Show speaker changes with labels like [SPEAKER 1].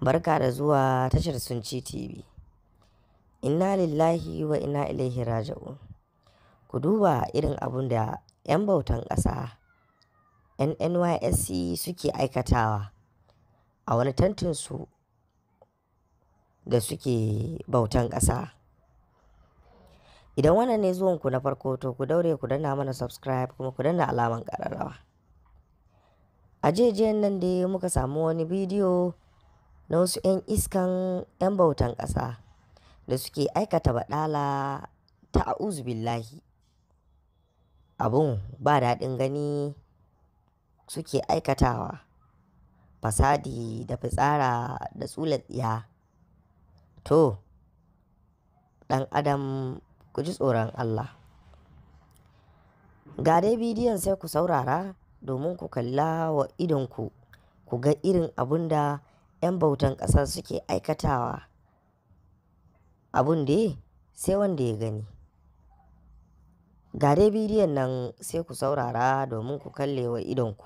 [SPEAKER 1] Barka da zuwa tashar Sunci TV. Ina lillahi wa inna ilaihi raja'u. Ku duba irin abun da 'yan bautan ƙasa 'yan NYSC suke aikatawa a wani tantinsu da suke bautan ƙasa. Idan wannan ne zuwanku na farko to ku daure ku danna mana subscribe kuma ku danna alaman ƙararrawa. A jejiyan nan dai muka samu wani bidiyo na wasu 'yan iskan 'yan bautan ƙasa da suke aikata baɗala ta A'uzubillahi, billahi abun ba daɗin gani suke aikatawa fasadi da fitsara da tsulatsiya to ɗan adam ku ji tsoron Allah ga dai bidiyon sai ku saurara domin ku kalla wa idonku ku ga irin abun da 'yan bautan ƙasa suke aikatawa abun dai sai wanda ya gani gare bidiyon nan sai ku saurara domin ku kalle wa idonku